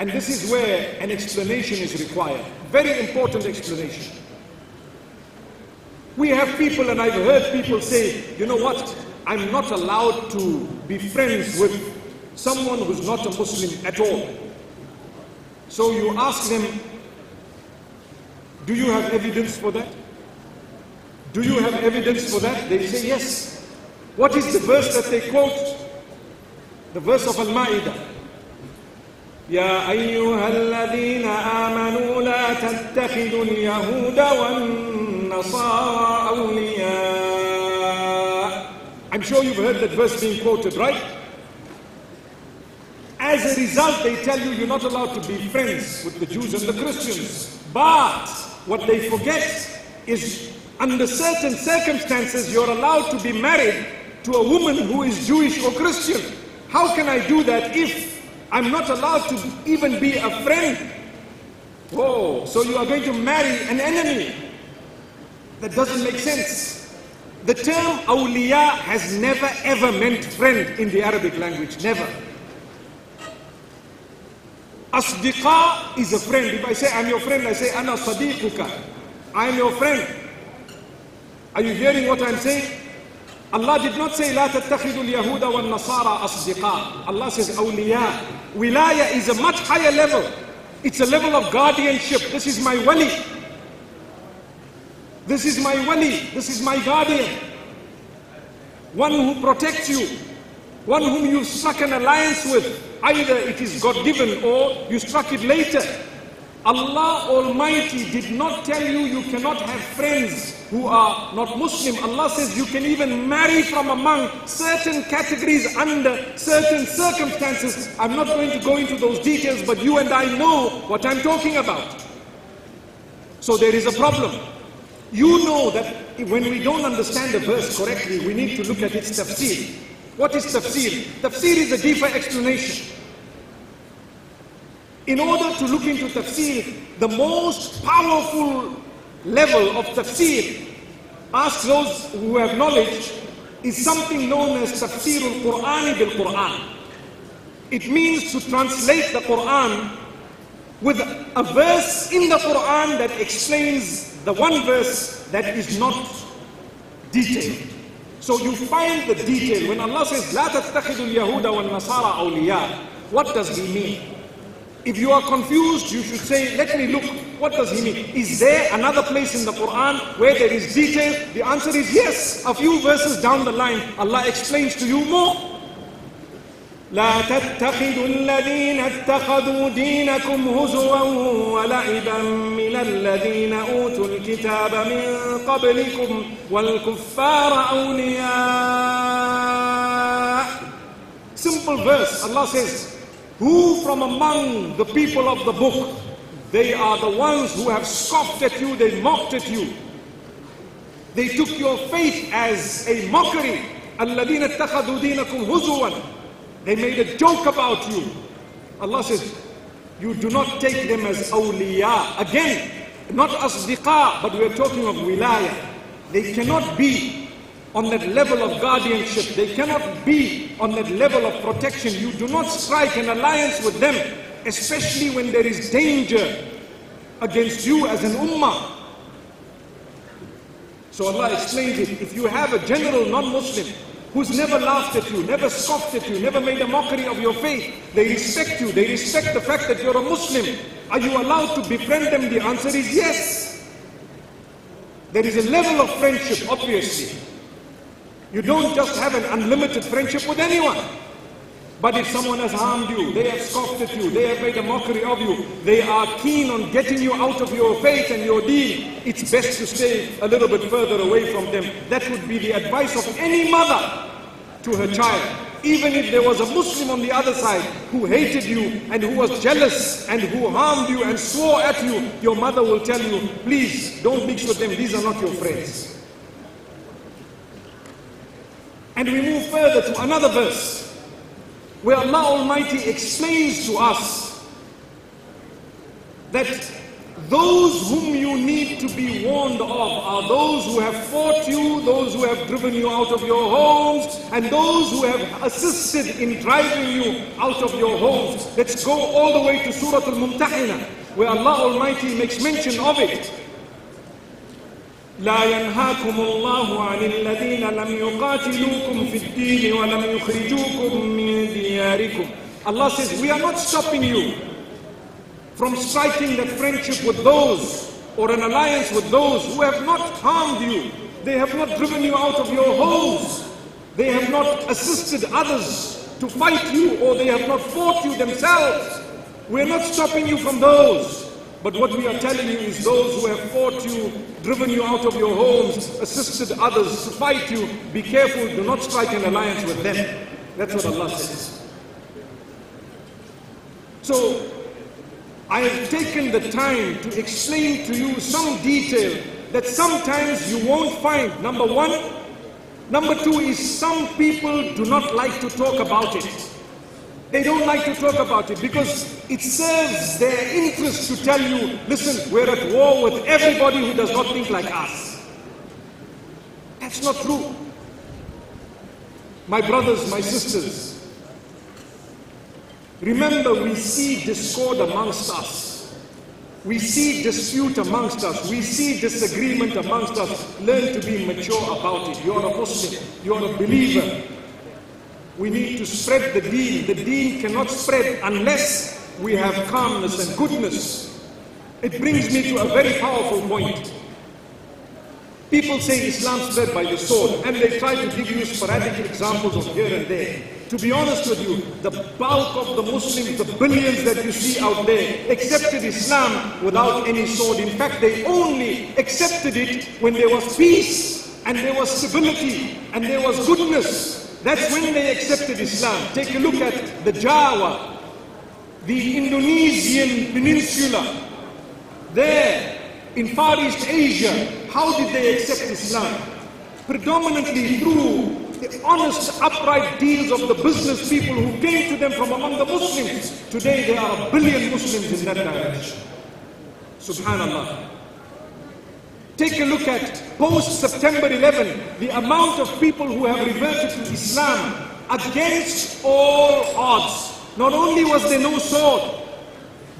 And this is where an explanation is required. Very important explanation. We have people, and I've heard people say, you know what, I'm not allowed to be friends with someone who's not a Muslim at all. So you ask them, do you have evidence for that? Do you have evidence for that? They say yes. What is the verse that they quote? The verse of Al-Ma'idah. يا أيها الذين آمنوا لا تتخذوا اليهود والنصارى أولياء I'm sure you've heard that verse being quoted, right? As a result, they tell you you're not allowed to be friends with the Jews and the Christians. But what they forget is under certain circumstances, you're allowed to be married to a woman who is Jewish or Christian. How can I do that if I'm not allowed to even be a friend? Whoa, oh, so you are going to marry an enemy. That doesn't make sense. The term awliya has never ever meant friend in the Arabic language, never. Asdiqa is a friend. If I say I'm your friend, I say ana sadiquka. I'm your friend. Are you hearing what I'm saying? Allah did not say لا تتخذوا اليهود والنصارى أصدقاء. Allah says awliya. Wilaya is a much higher level. It's a level of guardianship. This is my wali. This is my wali, this is my guardian. One who protects you, one whom you struck an alliance with. Either it is God given or you struck it later. Allah Almighty did not tell you you cannot have friends who are not Muslim. Allah says you can even marry from among certain categories under certain circumstances. I'm not going to go into those details, but you and I know what I'm talking about. So there is a problem. You know that when we don't understand a verse correctly, we need to look at its tafsir. What is tafsir? Tafsir is a deeper explanation. In order to look into tafsir, the most powerful level of tafsir, ask those who have knowledge, is something known as tafsir al bil-Qur'an. It means to translate the Qur'an with a verse in the Quran that explains the one verse that is not detailed. So you find the detail. When Allah says, لا تتخذوا اليهود والنصارى أولياء, what does he mean? If you are confused, you should say, let me look, what does he mean? Is there another place in the Quran where there is detail? The answer is yes. A few verses down the line, Allah explains to you more. لا تتخذوا الذين اتخذوا دينكم هزوا ولعبا من الذين أوتوا الكتاب من قبلكم والكفار أولياء Simple verse, Allah says, Who from among the people of the book, they are the ones who have scoffed at you, they mocked at you. They took your faith as a mockery. الذين اتخذوا دينكم هزوا They made a joke about you. Allah says, you do not take them as awliya. Again, not asdiqa, but we are talking of wilaya. They cannot be on that level of guardianship. They cannot be on that level of protection. You do not strike an alliance with them, especially when there is danger against you as an ummah. So Allah explains it. If you have a general non-Muslim who's never laughed at you, never scoffed at you, never made a mockery of your faith. They respect you, they respect the fact that you're a Muslim. Are you allowed to befriend them? The answer is yes. There is a level of friendship, obviously. You don't just have an unlimited friendship with anyone. But if someone has harmed you, they have scoffed at you, they have made a mockery of you, they are keen on getting you out of your faith and your deen, it's best to stay a little bit further away from them. That would be the advice of any mother to her child. Even if there was a Muslim on the other side who hated you and who was jealous and who harmed you and swore at you, your mother will tell you, please don't mix with them, these are not your friends. And we move further to another verse where Allah Almighty explains to us that those whom you need to be warned of are those who have fought you, those who have driven you out of your homes, and those who have assisted in driving you out of your homes. Let's go all the way to Surah Al-Mumtahina, where Allah Almighty makes mention of it. لا ينهاكم الله عن الذين لم يقاتلوكم في الدين ولم يخرجوكم من دياركم Allah says we are not stopping you from striking that friendship with those or an alliance with those who have not harmed you they have not driven you out of your homes they have not assisted others to fight you or they have not fought you themselves we are not stopping you from those but what we are telling you is those who have fought you, driven you out of your homes, assisted others to fight you, be careful, do not strike an alliance with them. That's what Allah says. So, I have taken the time to explain to you some detail that sometimes you won't find. Number one, number two is some people do not like to talk about it. They don't like to talk about it because it serves their interest to tell you, listen, we're at war with everybody who does not think like us. That's not true. My brothers, my sisters, remember we see discord amongst us. We see dispute amongst us. We see disagreement amongst us. Learn to be mature about it. You're a Muslim. You're a believer. We need to spread the deen. The deen cannot spread unless we have calmness and goodness. It brings me to a very powerful point. People say Islam spread by the sword, and they try to give you sporadic examples of here and there. To be honest with you, the bulk of the Muslims, the billions that you see out there, accepted Islam without any sword. In fact, they only accepted it when there was peace, and there was stability, and there was goodness. That's when they accepted Islam. Take a look at the Java, the Indonesian peninsula, there in Far East Asia. How did they accept Islam? Predominantly through the honest, upright deals of the business people who came to them from among the Muslims. Today there are a billion Muslims in that direction. Subhanallah. Take a look at post-September 11, the amount of people who have reverted to Islam against all odds. Not only was there no sword,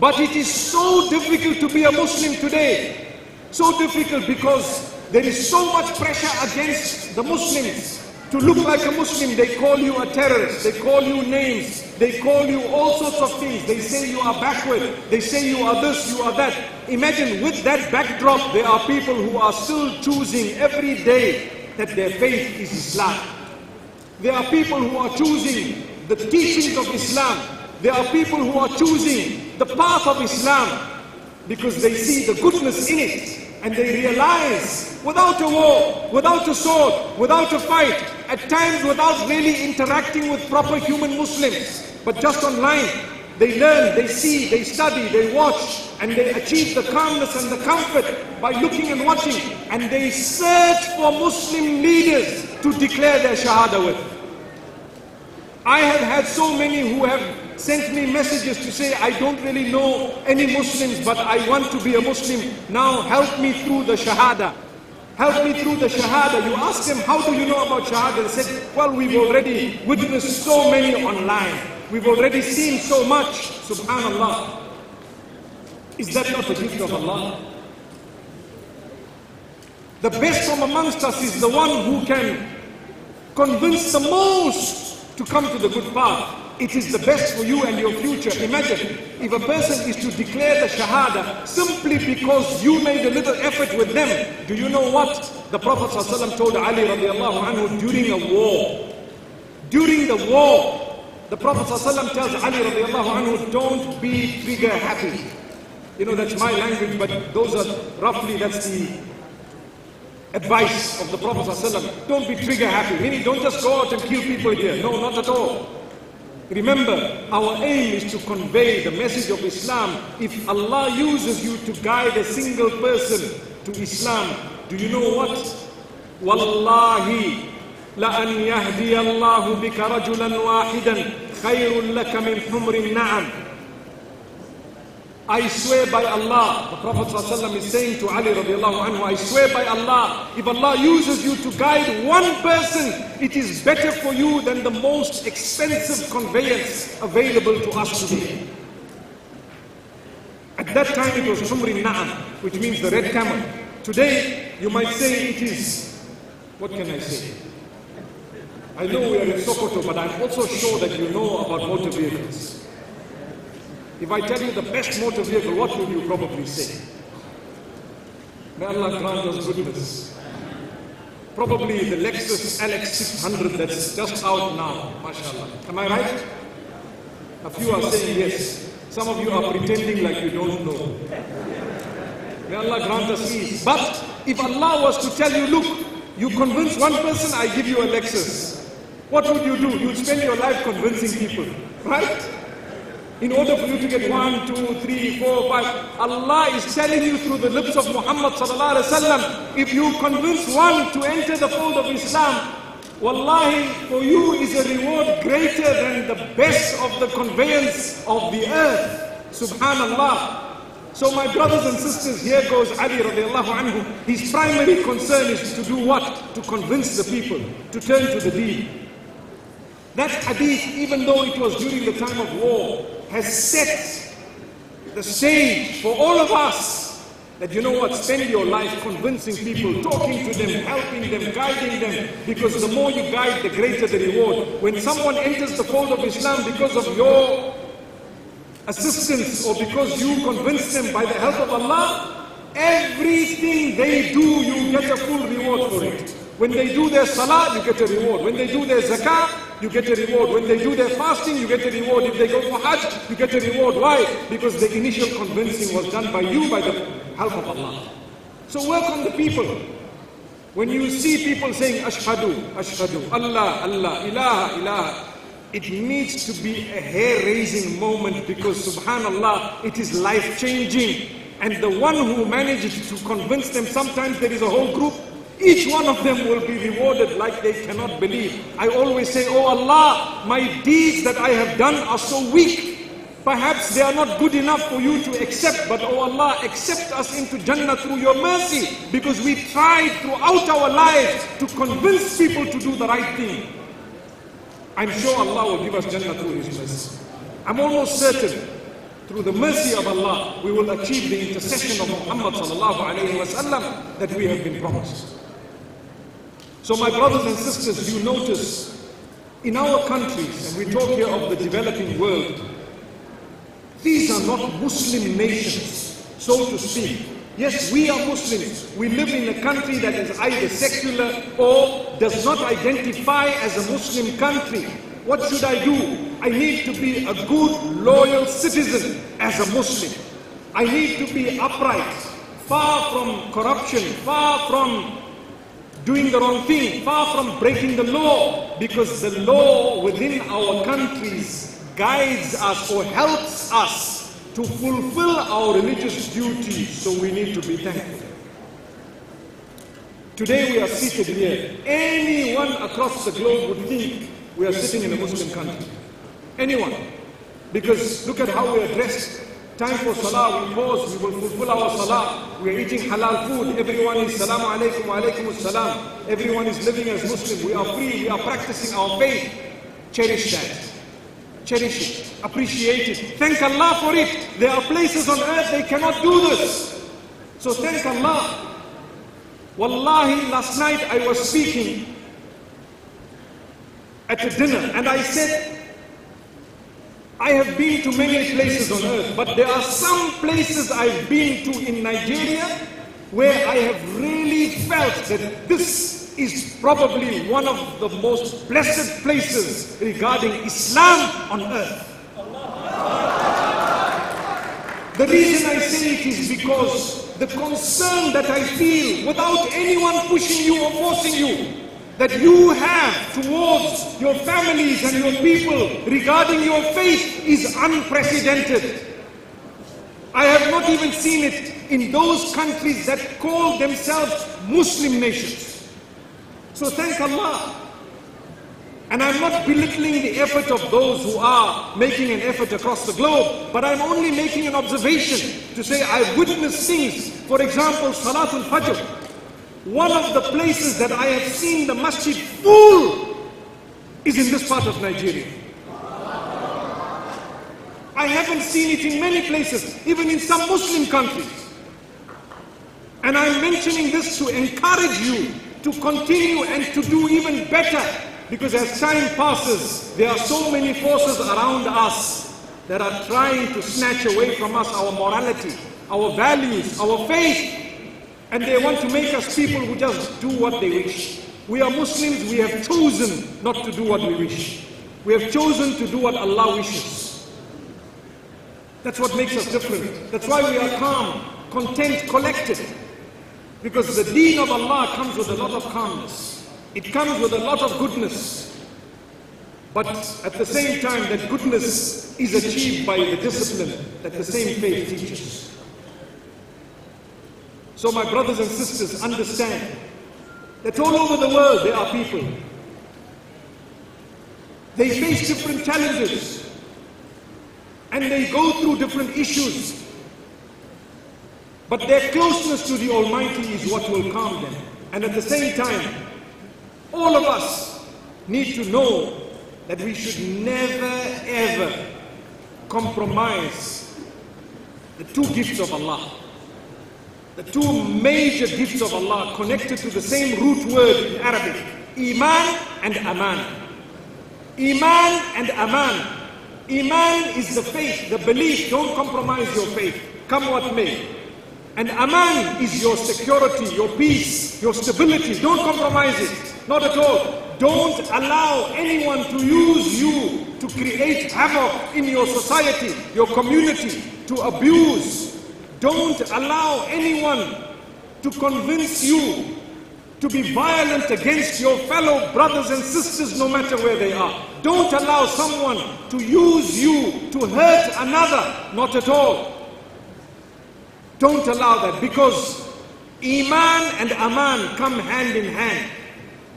but it is so difficult to be a Muslim today. So difficult because there is so much pressure against the Muslims. To look like a Muslim, they call you a terrorist, they call you names, they call you all sorts of things. They say you are backward, they say you are this, you are that. Imagine with that backdrop, there are people who are still choosing every day that their faith is Islam. There are people who are choosing the teachings of Islam. There are people who are choosing the path of Islam because they see the goodness in it and they realize without a war, without a sword, without a fight, at times without really interacting with proper human Muslims, but just online, they learn, they see, they study, they watch, and they achieve the calmness and the comfort by looking and watching. And they search for Muslim leaders to declare their Shahada with. I have had so many who have sent me messages to say, I don't really know any Muslims, but I want to be a Muslim. Now help me through the Shahada. Help me through the Shahada. You ask them, how do you know about Shahada? They said, well, we've already witnessed so many online. We've already seen so much. Subhanallah. Is that not a gift of Allah? The best from amongst us is the one who can convince the most to come to the good path. It is the best for you and your future. Imagine if a person is to declare the Shahada simply because you made a little effort with them. Do you know what? The Prophet ﷺ told Ali radiallahu anhu during a war. During the war, the Prophet ﷺ tells Ali radiallahu anhu, don't be trigger happy. You know, that's my language, but those are roughly, that's the advice of the Prophet ﷺ. Don't be trigger happy. Meaning, don't just go out and kill people here. No, not at all. Remember, our aim is to convey the message of Islam. If Allah uses you to guide a single person to Islam, do you know what? Wallahi, لأن يهدي الله بك رجلا واحدا خير لك من حمر النعم I swear by Allah, the Prophet ﷺ is saying to Ali radiallahu anhu, I swear by Allah, if Allah uses you to guide one person, it is better for you than the most expensive conveyance available to us today. At that time it was Humri Na'am, which means the red camel. Today, you might say it is, what can I say? I know we are in Sokoto, but I'm also sure that you know about motor vehicles. If I tell you the best motor vehicle, what would you probably say? May Allah grant us goodness. Probably the Lexus LX 600 that's just out now, mashallah. Am I right? A few are saying yes. Some of you are pretending like you don't know. May Allah grant us ease. But if Allah was to tell you, look, you convince one person, I give you a Lexus. What would you do? You'd spend your life convincing people, right? in order for you to get one, two, three, four, five. Allah is telling you through the lips of Muhammad sallallahu alaihi wasallam, if you convince one to enter the fold of Islam, wallahi, for you is a reward greater than the best of the conveyance of the earth. Subhanallah. So my brothers and sisters, here goes Ali radiallahu anhu. His primary concern is to do what? To convince the people, to turn to the deen. That hadith, even though it was during the time of war, has set the stage for all of us that you know what, spend your life convincing people, talking to them, helping them, guiding them, because the more you guide, the greater the reward. When someone enters the fold of Islam because of your assistance or because you convince them by the help of Allah, everything they do, you get a full reward for it. When they do their salah, you get a reward. When they do their zakah, you get a reward. When they do their fasting, you get a reward. If they go for hajj, you get a reward. Why? Because the initial convincing was done by you by the help of Allah. So work on the people. When you see people saying Ashhadu, Ashhadu, Allah, Allah, Ilaha, Ilaha, it needs to be a hair-raising moment because subhanallah, it is life-changing. And the one who manages to convince them, sometimes there is a whole group each one of them will be rewarded like they cannot believe. I always say, Oh Allah, my deeds that I have done are so weak. Perhaps they are not good enough for you to accept, but oh Allah, accept us into Jannah through your mercy because we tried throughout our lives to convince people to do the right thing. I'm sure Allah will give us Jannah through His mercy. I'm almost certain through the mercy of Allah, we will achieve the intercession of Muhammad that we have been promised. So my brothers and sisters, you notice in our countries, and we talk here of the developing world, these are not Muslim nations, so to speak. Yes, we are Muslims. We live in a country that is either secular or does not identify as a Muslim country. What should I do? I need to be a good, loyal citizen as a Muslim. I need to be upright, far from corruption, far from doing the wrong thing, far from breaking the law, because the law within our countries guides us or helps us to fulfill our religious duties, so we need to be thankful. Today we are seated here. Anyone across the globe would think we are sitting in a Muslim country. Anyone. Because look at how we are dressed. Time for salah, we pause, we will fulfill our salah. We are eating halal food. Everyone is salamu alaykum wa alaykum salam. Everyone is living as Muslim. We are free, we are practicing our faith. Cherish that. Cherish it. Appreciate it. Thank Allah for it. There are places on earth they cannot do this. So thank Allah. Wallahi, last night I was speaking at a dinner and I said, I have been to many places on earth, but there are some places I've been to in Nigeria where I have really felt that this is probably one of the most blessed places regarding Islam on earth. The reason I say it is because the concern that I feel without anyone pushing you or forcing you that you have towards your families and your people regarding your faith is unprecedented. I have not even seen it in those countries that call themselves Muslim nations. So thank Allah. And I'm not belittling the effort of those who are making an effort across the globe, but I'm only making an observation to say I've witnessed things. For example, Salatul Fajr. One of the places that I have seen the masjid full is in this part of Nigeria. I haven't seen it in many places, even in some Muslim countries. And I'm mentioning this to encourage you to continue and to do even better because as time passes, there are so many forces around us that are trying to snatch away from us our morality, our values, our faith, and they want to make us people who just do what they wish. We are Muslims, we have chosen not to do what we wish. We have chosen to do what Allah wishes. That's what makes us different. That's why we are calm, content, collected. Because the deen of Allah comes with a lot of calmness. It comes with a lot of goodness. But at the same time, that goodness is achieved by the discipline that the same faith teaches. So my brothers and sisters, understand that all over the world there are people. They face different challenges and they go through different issues. But their closeness to the Almighty is what will calm them. And at the same time, all of us need to know that we should never ever compromise the two gifts of Allah. The two major gifts of Allah connected to the same root word in Arabic, Iman and Aman. Iman and Aman. Iman is the faith, the belief. Don't compromise your faith, come what may. And Aman is your security, your peace, your stability. Don't compromise it. Not at all. Don't allow anyone to use you to create havoc in your society, your community, to abuse, don't allow anyone to convince you to be violent against your fellow brothers and sisters no matter where they are. Don't allow someone to use you to hurt another, not at all. Don't allow that because Iman and Aman come hand in hand.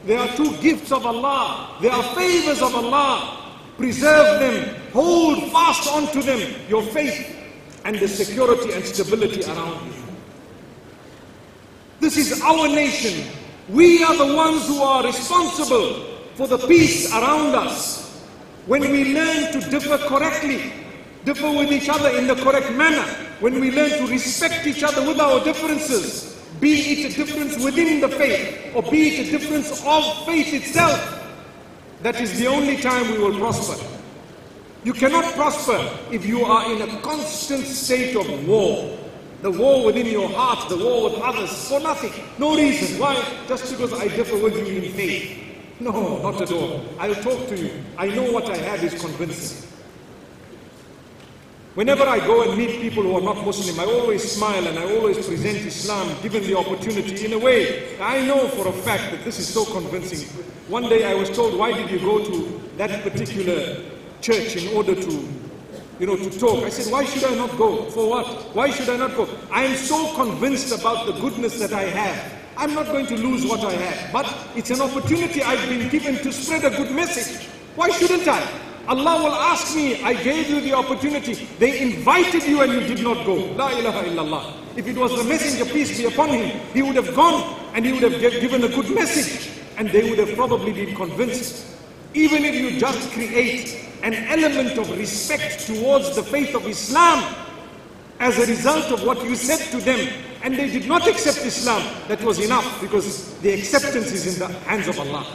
They are two gifts of Allah. They are favors of Allah. Preserve them. Hold fast onto them. Your faith and the security and stability around you. This is our nation. We are the ones who are responsible for the peace around us. When we learn to differ correctly, differ with each other in the correct manner, when we learn to respect each other with our differences, be it a difference within the faith or be it a difference of faith itself, that is the only time we will prosper. You cannot prosper if you are in a constant state of war. The war within your heart, the war with others, for nothing. No reason. Why? Just because I differ with you in faith. No, not at all. I'll talk to you. I know what I have is convincing. Whenever I go and meet people who are not Muslim, I always smile and I always present Islam given the opportunity in a way. I know for a fact that this is so convincing. One day I was told, Why did you go to that particular church in order to, you know, to talk. I said, why should I not go? For what? Why should I not go? I am so convinced about the goodness that I have. I'm not going to lose what I have. But it's an opportunity I've been given to spread a good message. Why shouldn't I? Allah will ask me, I gave you the opportunity. They invited you and you did not go. La ilaha illallah. If it was the messenger, peace be upon him, he would have gone and he would have given a good message. And they would have probably been convinced. Even if you just create an element of respect towards the faith of Islam as a result of what you said to them. And they did not accept Islam. That was enough because the acceptance is in the hands of Allah.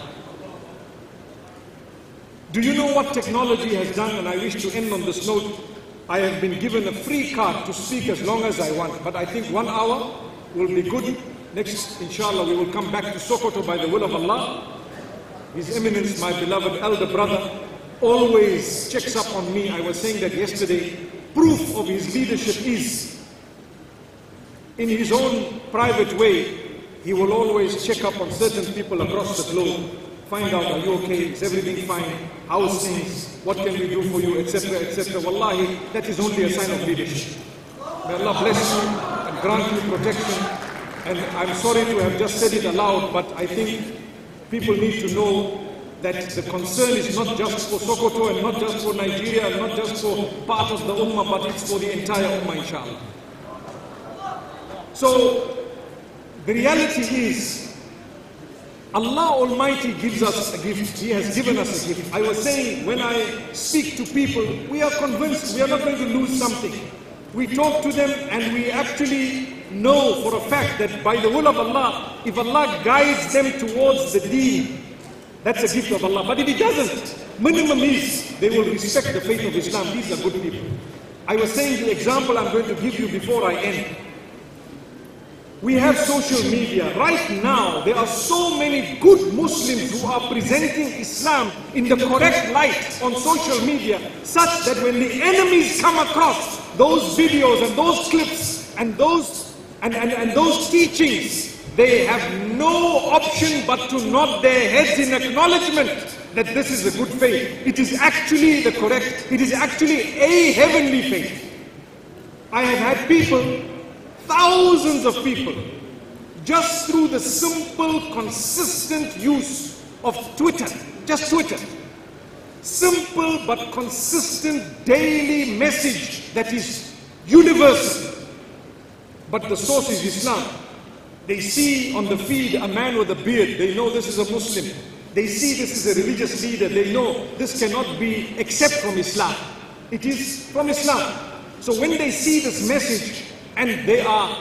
Do you know what technology has done? And I wish to end on this note. I have been given a free card to speak as long as I want, but I think one hour will be good. Next, inshallah, we will come back to Sokoto by the will of Allah. His Eminence, my beloved elder brother, always checks up on me. I was saying that yesterday. Proof of his leadership is in his own private way, he will always check up on certain people across the globe, find out are you okay, is everything fine, how's things, what can we do for you, etc., etc. Wallahi, that is only a sign of leadership. May Allah bless you and grant you protection. And I'm sorry to have just said it aloud, but I think people need to know that the concern is not just for Sokoto and not just for Nigeria and not just for part of the Ummah, but it's for the entire Ummah, inshallah. So, the reality is, Allah Almighty gives us a gift. He has given us a gift. I was saying, when I speak to people, we are convinced we are not going to lose something. We talk to them and we actually know for a fact that by the will of Allah, if Allah guides them towards the deen, that's a gift of Allah. But if he doesn't, minimum is they will respect the faith of Islam. These are good people. I was saying the example I'm going to give you before I end. We have social media. Right now, there are so many good Muslims who are presenting Islam in the correct light on social media, such that when the enemies come across those videos and those clips and those and, and, and those teachings, they have no option but to nod their heads in acknowledgement that this is a good faith. It is actually the correct, it is actually a heavenly faith. I have had people, thousands of people, just through the simple, consistent use of Twitter, just Twitter, simple but consistent daily message that is universal, but the source is Islam they see on the feed a man with a beard, they know this is a Muslim. They see this is a religious leader, they know this cannot be except from Islam. It is from Islam. So when they see this message, and they are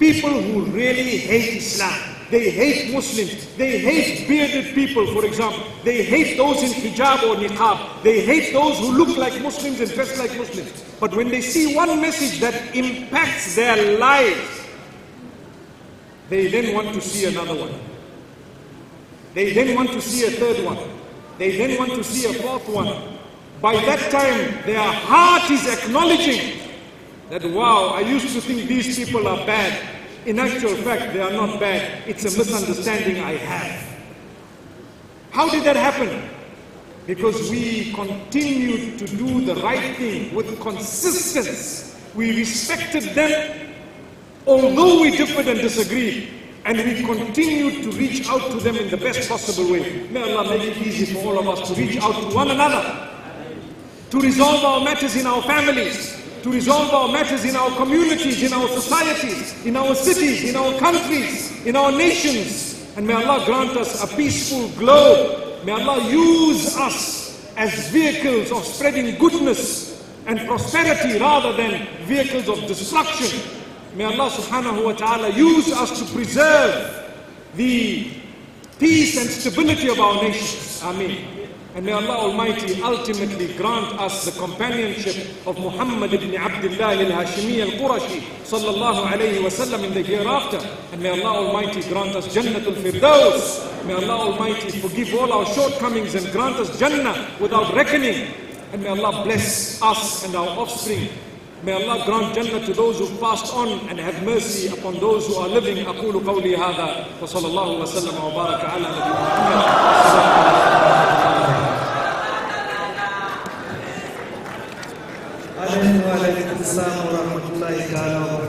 people who really hate Islam, they hate Muslims, they hate bearded people, for example, they hate those in hijab or niqab, they hate those who look like Muslims and dress like Muslims. But when they see one message that impacts their lives, they then want to see another one. They then want to see a third one. They then want to see a fourth one. By that time, their heart is acknowledging that, wow, I used to think these people are bad. In actual fact, they are not bad. It's a misunderstanding I have. How did that happen? Because we continued to do the right thing with consistency. We respected them Although we differed and disagreed, and we continued to reach out to them in the best possible way, may Allah make it easy for all of us to reach out to one another, to resolve our matters in our families, to resolve our matters in our communities, in our societies, in our cities, in our countries, in our nations. And may Allah grant us a peaceful globe. May Allah use us as vehicles of spreading goodness and prosperity rather than vehicles of destruction. May Allah subhanahu wa ta'ala use us to preserve the peace and stability of our nations. Ameen. And may Allah Almighty ultimately grant us the companionship of Muhammad ibn Abdullah al-Hashimi al-Qurashi sallallahu alayhi wasallam in the hereafter. And may Allah Almighty grant us Jannatul Firdaus. May Allah Almighty forgive all our shortcomings and grant us Jannah without reckoning. And may Allah bless us and our offspring May Allah grant Jannah to those who passed on and have mercy upon those who are living. أقول قولي هذا وصلى الله وسلم وبارك على نبينا محمد السلام عليكم ورحمة الله